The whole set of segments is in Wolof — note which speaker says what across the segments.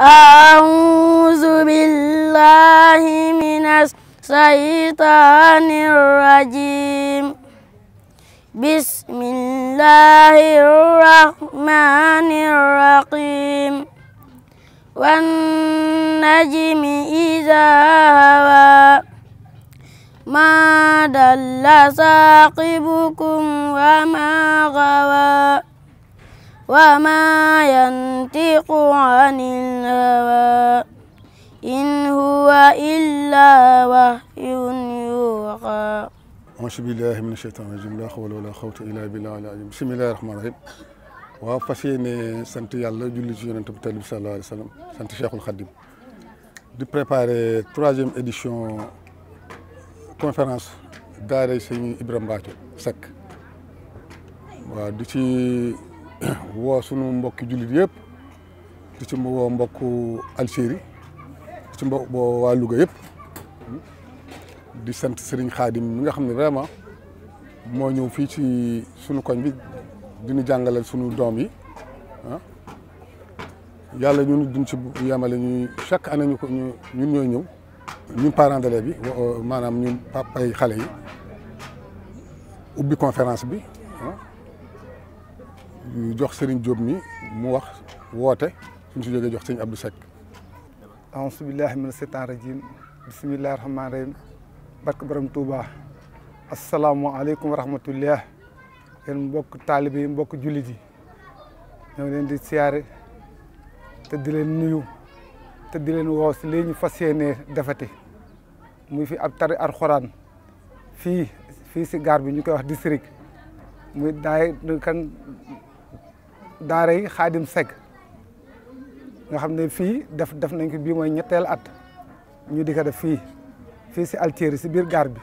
Speaker 1: أعوذ بالله من الشيطان الرجيم بسم الله الرحمن الرحيم والنجم إذا هوى ما دل ساقبكم وما غوى وما ينطق عن الهوى إن هو إلا وحي يوحى
Speaker 2: أعوذ بالله من الشيطان الرجيم لا حول ولا قوة إلا بالله العظيم بسم الله الرحمن الرحيم waaw fas yéene sant yàlla julli ci yonent bi talib sallallahu alayhi wa sallam sant Cheikhul Khadim di préparer troisième édition conférence daara sëñ Ibrahima Mbathio Seck waaw di ci woo sunu mbokk jullit yépp di ci woo mbokku Algérie di ci mbokk boo waa Louga yëpp di sant Serigne Khadim mi nga xam ne vraiment moo ñëw fii ci sunu koñ bi diñu jàngalal sunu doom yi ah yàlla ñun duñ si yemale ñuy chaque année ñu ko ñu ñun ñooy ñëw ñu parents d'élèves bi maanaam ñu papay xale yi ubbi conférence bi jox Serigne Diop mi mu wax woote suñ si jógee jox sëñ Abdou Seck
Speaker 3: aousu billahi mina seytaan rajim bisimillahi rahmaani rahim barke borom Touba asalaamualeykum wa rahmatullah mbokk taalibe mbokk jullit yi ñoo leen di siyaare te di leen nuyu te di leen woo si lii ñu fas yéenee defate muy fi ab tari alxuraan fii fii si gaar bi ñu koy wax district muy daay kan daare yi xaadim segg nga xam ne fii def def nañ ko bii mooy ñetteel at ñu di ko def fii fii si altieri si biir gaar bi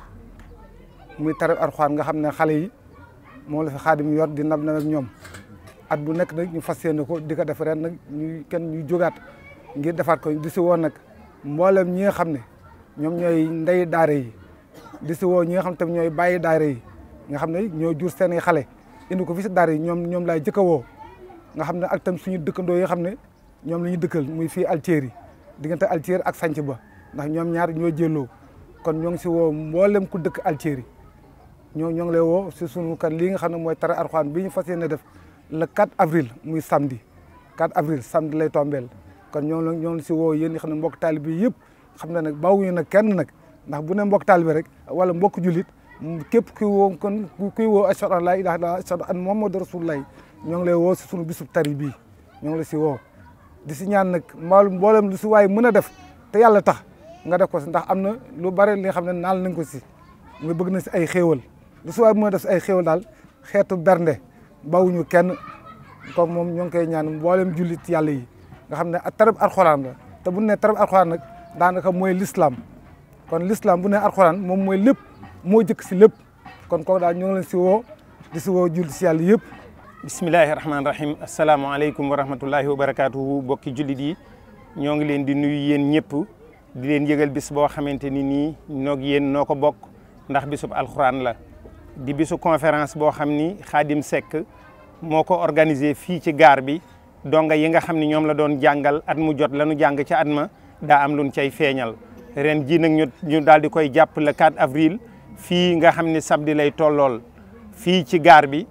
Speaker 3: muy tarab arxuwaan nga xam ne xale yi moom la fi xaadim yor di nab nab ñoom at bu nekk nag ñu fas yéene ko di ko def ren nag ñuy kenn ñuy jógaat ngir defaat ko di si woo nag mboolem ñi nga xam ne ñoom ñooy ndey daara yi di si woo ñi nga xam tamit ñooy bàyyi daare yi nga xam ne ñoo jur seen i xale indi ko fi si daara yi ñoom ñoom laay jëkk woo nga xam ne ak tam suñu dëkkandoo yi xam ne ñoom la ñu dëkkal muy fii Altieri diggante Altieri ak Sanc ba ndax ñoom ñaar ñoo jëloo kon ñoo ngi si woo mboolem ku dëkk Altieri ñoo ñoo ngi lay woo si sunu kan lii nga xam ne mooy tara Alxuraan bii ñu fas yéene def le 4 avril muy samedi 4 avril samedi lay tombeel kon ñoo ngi ñoo ngi si woo yéen ñi xam ne mbokk taalibe yëpp xam ne nag bawuñu nag kenn nag ndax bu ne mbokk taalibe rek wala mbokk jullit képp kuy woo kon kuy woo ashhadu an laa ilaaha illallaah ashhadu anna muhammadan rasuulullaah ñong lay wo si sunu bisub tari bi ñong la ci wo di ci ñaan nak mboolem mboolem lu ci way mëna def te yalla tax nga def ko ndax amna lu bare li xamne nal nañ ko ci muy bëgg na ci ay xéewal lu ci way mëna def ay xéewal bernde bawuñu kenn ko mom ñong kay ñaan mboolem julit yalla yi nga xamne atarab tarab la te bu ne tarab moy l'islam kon l'islam bu ne alquran mom moy lepp mo jëk si lip, kon ko nyong ñong ngi ci si di ci wo julit
Speaker 4: Bismillahirrahmanirrahim. Assalamualaikum warahmatullahi wabarakatuh. wa rahmatullahi wa bokki yi ñoo ngi leen di nuyu yeen ñepp di leen yëgal bis bo xamanteni ni nok yeen noko bok ndax bisub alxuraan la di bisu conférence bo xamni khadim sek moko organiser fi ci gar bi donga yi nga xamni ñom la doon jangal at mu jot lañu jang ci atma da am luñ cey feñal ren ji nak ñu ñu di koy japp le 4 avril fii nga xamni samedi lay tollol fi ci gar bi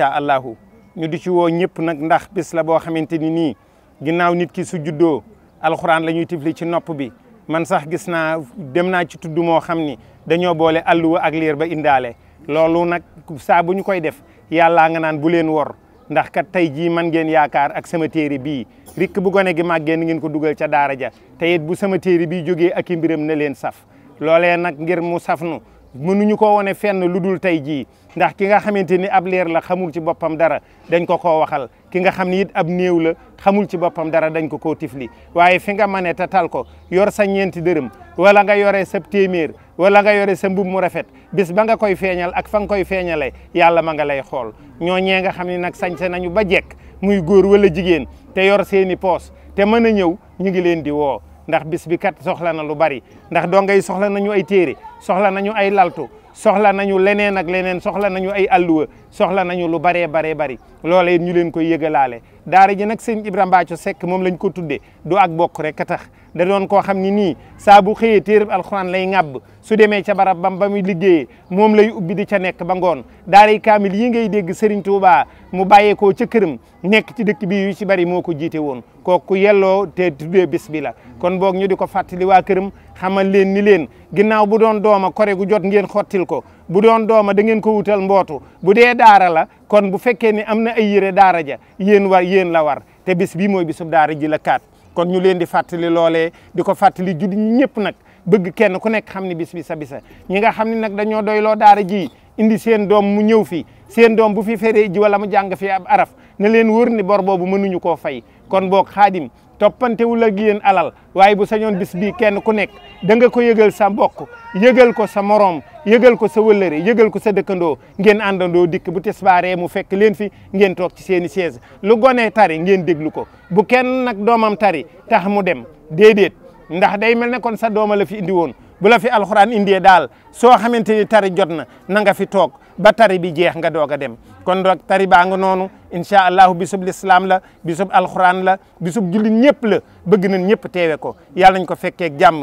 Speaker 4: allahu ñu di ci woo ñëpp nag ndax bis la boo xamante ni nii ginnaaw nit ki su juddoo alxuraan la ñuy tifli ci nopp bi man sax gis naa dem naa ci tudd moo xam ni dañoo boole alluwa ak liir ba indaale loolu nag saa bu ñu koy def yàllaa nga naan bu leen wor ndax kat tey jii man ngeen yaakaar ak sama téere bii rikk bu gone gi màggee ni ngeen ko dugal ca daara ja te it bu sama téere bii jógee ak i mbiram na leen saf loolee nag ngir mu safnu mënuñu ko wone fenn lu dul tey jii ndax ki nga xamante ni ab leer la xamul ci boppam dara dañ ko ko waxal ki nga xam ni it ab néew la xamul ci boppam dara dañ ko ko tifli waaye fi nga mane te tal ko yor sa ñeenti dërëm wala nga yore sa téeméer wala nga yore sa mbub mu rafet bis ba nga koy feeñal ak fa nga koy feeñale yàlla ma nga lay xool ñoo ñooñee nga xam ne nag sañse nañu ba jekk muy góor wala jigéen te yor seeni poos te mën a ñëw ñu ngi leen di woo ndax bis bi kat soxla na lu bari ndax donga yi soxla nañu ay téere soxla nañu ay laltu soxla nañu leneen ak leneen soxla nañu ay alluwa soxla nañu lu baree baree bari loola it ñu leen koy yëgalaale daara ji nag sëñ Ibra Mbathio Seck moom lañ ko tuddee du ak bokk rek a tax da doon koo xam ni nii saa bu xëyee téereb alxuraan lay ŋàbb su demee ca barab bam ba muy liggéeyee moom lay ubbi di ca nekk ba ngoon daara yi kaamil yi ngay dégg Serigne Touba mu bàyyeekoo ca këram nekk ci dëkk bi yu ci bari moo ko jiite woon ku yelloo te tuddee bis bi la kon boog ñu di ko fàttali waa këram xamal leen ni leen ginnaaw bu doon dooma kore gu jot ngeen xottil ko bu doon dooma da ko wutal mbootu daara la kon bu fekkee ni am na ay yére daara ja yéen war yéen la war te bis bii mooy bisub daara ji la kaat kon ñu leen di fàttali loole di ko fàttali judi ñëpp nag bëgg kenn ku nekk xam ni bis bi bisa ñi nga xam ne nag dañoo doyloo daara ji indi seen doom mu ñëw fi seen doom bu fi feree ji wala mu jàng fi ab araf na leen wër ni bor boobu mënuñu koo fay kon boog xaadim toppantewul ak yéen alal waaye bu sañoon bis bii kenn ku nekk da nga ko yëgal sa mbokk yëgal ko sa morom yëgal ko sa wëllëre yëgal ko sa dëkkandoo ngeen àndandoo dikk bu tisbaaree mu fekk leen fi ngeen toog ci seen i chaise lu gonee tari ngeen déglu ko bu kenn nag doomam tari tax mu dem déedéet ndax day mel ne kon sa dooma la fi indi woon bu la fi alxuraan indee daal soo xamante ni tari jot na na nga fi toog ba tari bi jeex nga doog a dem kon doog tari baa noonu incha allahu bisub lislaam la bisub alxuraan la bisub jullit ñëpp la bëgg nañ ñëpp teewe ko yàlla nañ ko fekkeeg jàmm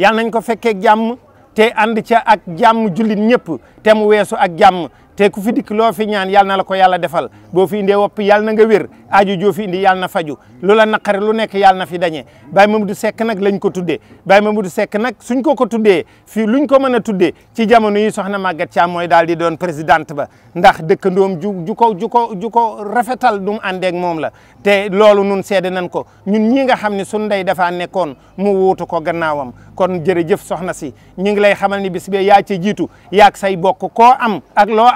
Speaker 4: yàlla nañ ko fekkeeg jàmm te ànd ca ak jàmm jullit ñëpp te mu weesu ak jàmm te ku fi dikk loo fi ñaan yàlla na la ko yàlla defal boo fi indee wopp yàlla na nga wér aaju joo fi indi na faju lu la naqari lu nekk yàlla na fi dañee Baye Mamadou Seck nag lañ ko tuddee Baye Mamadou Seck nag suñ ko ko tuddee fii luñ ko mën a tuddee ci jamono yi soxna Maguette Thiam mooy daal di doon présidente ba ndax dëkkandoom ju ju ko ju ko ju ko rafetal du mu moom la te loolu nun seede nañ ko ñun ñi nga xam ne suñ ndey dafaa nekkoon mu wuutu ko gannaawam kon jërëjëf soxna si ñu ngi lay xamal ni yaa ci jiitu yaag say bokk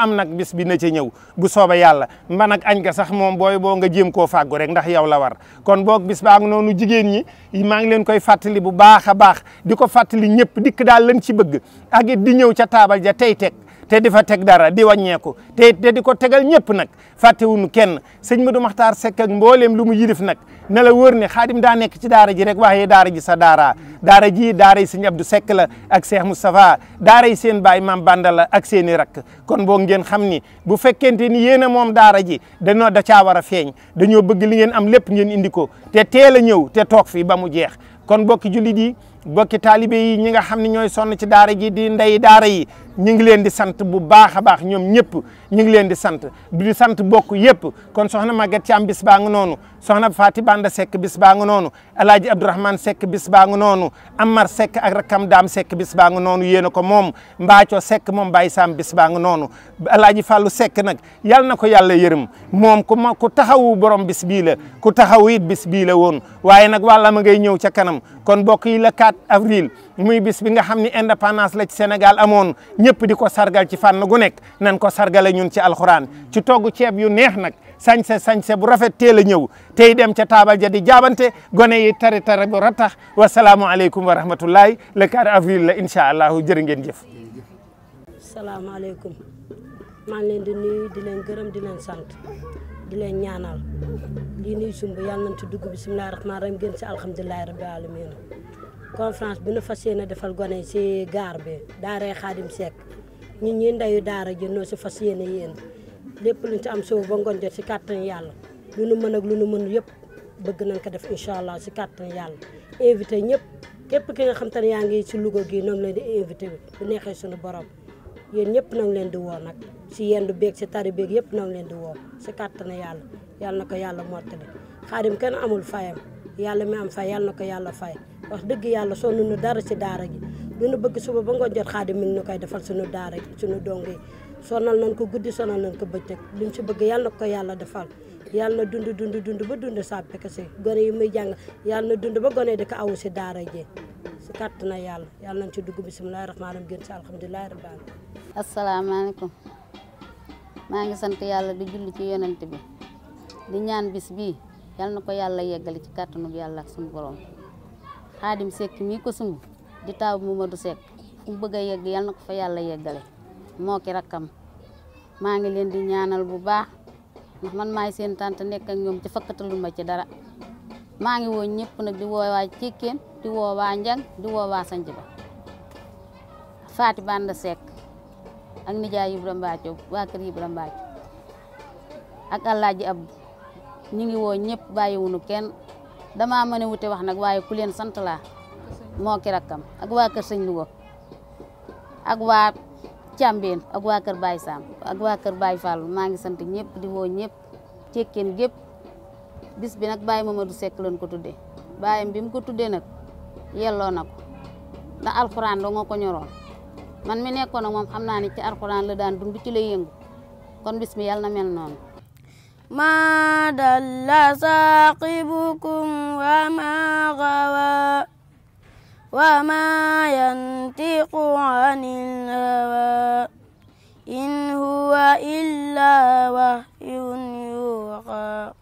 Speaker 4: am nak bis bi na ci ñew bu soba yalla mba nak añ ka sax mom boy bo nga jëm ko fagu rek ndax yaw la war kon bok bis ba ak nonu jigen ñi ma ngi leen koy fatali bu baaxa baax di ko ñepp dik dikk daal lañ ci bëgg ak di ñew ca table ja tay tek te di fa teg dara di wàññeeku te te di ko tegal ñëpp nag fàttewuñu kenn sëñ Modou Makhtar Seck ak mbooleem lu mu yilif nag ne la wóor ne xaadim daa nekk ci daara ji rek waaye daara ji sa daara daara ji daara yi sëñ Abdou Seck la ak Cheikh Moustapha daara yi seen baay maam Banda ak seen i rakk kon boo ngeen xam ni bu fekkente ni yéen a moom daara ji dañoo da caa war a feeñ dañoo bëgg li ngeen am lépp ngeen indi ko te teel a ñëw te toog fi ba mu jeex bokki jullit yi bokki taalibe yi ñi nga xam ne ñooy sonn ci daara ji di ndey daara yi ñu ngi leen di sant bu baax a baax ñoom ñëpp ñu ngi leen di sant di sant bokk yëpp kon soxna Maguette ci am baa nga noonu soxna Fati Banda Seck bis baa nga noonu El Hadj Abdourahmane Seck bis baa nga noonu Amar Seck ak rakam Dame Seck bis baa nga noonu yéen ko moom Mbaaco Seck moom Baye Sam bis baa noonu El Hadj Fallou Seck nag yal na ko yàlla yërëm moom ku ma ku taxawu borom bis bii la ku taxawu it bis bii la woon waaye nag wàlla ma ngay ñëw ca kanam kon bokk yi 24 avril muy bis bi nga xam ni indépendance la ci senegal amoon ñëpp di ko sargal ci fànn gu nekk nan ko sargale ñun ci alxuraan ci togg ceeb yu neex nag sañse sañse bu rafet teel a ñëw tey dem ca taabal ja di jaabante gone yi tari tari bu rattax wasalaamualeykum wa rahmatullahi le 4 avril la incha allah jërë ngeen jëf.
Speaker 5: salaamaaleykum maa ngi leen di di sant di leen ñaanal lii nuyu sumb ci dugg bisimilah rahmaani rahiim gën conférence bu nu fas yéene defal gone si gaar bi daaray Xaadim Seck ñun ñi ndeyu daara ji noo si fas yéene yéen lépp luñ ci am soo ba ngoon jot si kàttan yàlla lu nu mën lu nu mënul yëpp bëgg nañ ko def incha allah si kàttan yàlla invité ñëpp képp ki nga xam ne yaa ngi si Louga gi noonu leen di invité bi bu neexee sunu borom yéen ñëpp nag leen di woo nag si yendu beeg si tari beeg yëpp nag leen di woo si kàttan yàlla yàlla na ko yàlla mottali xaadim kenn amul fayam yàlla mi am fay yàlla ko yàlla fay wax dëgg yàlla sonn nu dara ci daara gi lu nu bëgg suba ba ngoon jot xaadim mi nu koy defal suñu daara gi suñu dong yi sonal nañ ko guddi sonal nañ ko bëccëg luñ ci bëgg yàlla na ko yàlla defal yàlla na dund dund dund ba dund sàppe ko si yi muy jàng yàlla na dund ba gone di ko awu si daara ji si kàtt na yàlla yàlla nañ ci dugg bisimilahi rahmaani rahim gën si alhamdulilahi rabbil alamin asalaamaaleykum
Speaker 1: maa ngi sant yàlla di julli ci yonent bi di ñaan bis bii yal nako yalla yegal yeggali ci kàttanu yalla ak sun borom xaadim sek mi ko sun di taaw Mamadou Seck fu mu yegg yal nako fa yalla yegalé moo ki rakkam maa ngi len di ñaanal bu baax ndax man may seen tante nek ak ñom ci fakkatalul ma ci dara ma ngi wo ñepp nak di woo waa Cekkeen di woo Njang di woo waa ba Banda ak nijaay ibrahim wa kër ibrahim ak ji abdou ñu ngi woo ñëpp bàyyiwunu kenn dama mën a wute wax nag waaye ku leen sant laa moo ki rakkam ak waa kër sëñ Louga ak waa Càmbeen ak waa kër Baye Sam ak waa kër Baye Fall maa ngi sant ñëpp di woo ñëpp cekkeen gépp bis bi nag Baye Mamadou sekk lañ ko tuddee baayam bi mu ko tuddee nag yelloo na ko ndax alxuraan doo nga ko ñoroon man mi nekkoon ak moom xam naa ni ci alxuraan la daan dund ci la yëngu kon bis mi yàlla na mel noonu ما دل ساقبكم وما غوى وما ينطق عن الهوى إن هو إلا وحي يوحى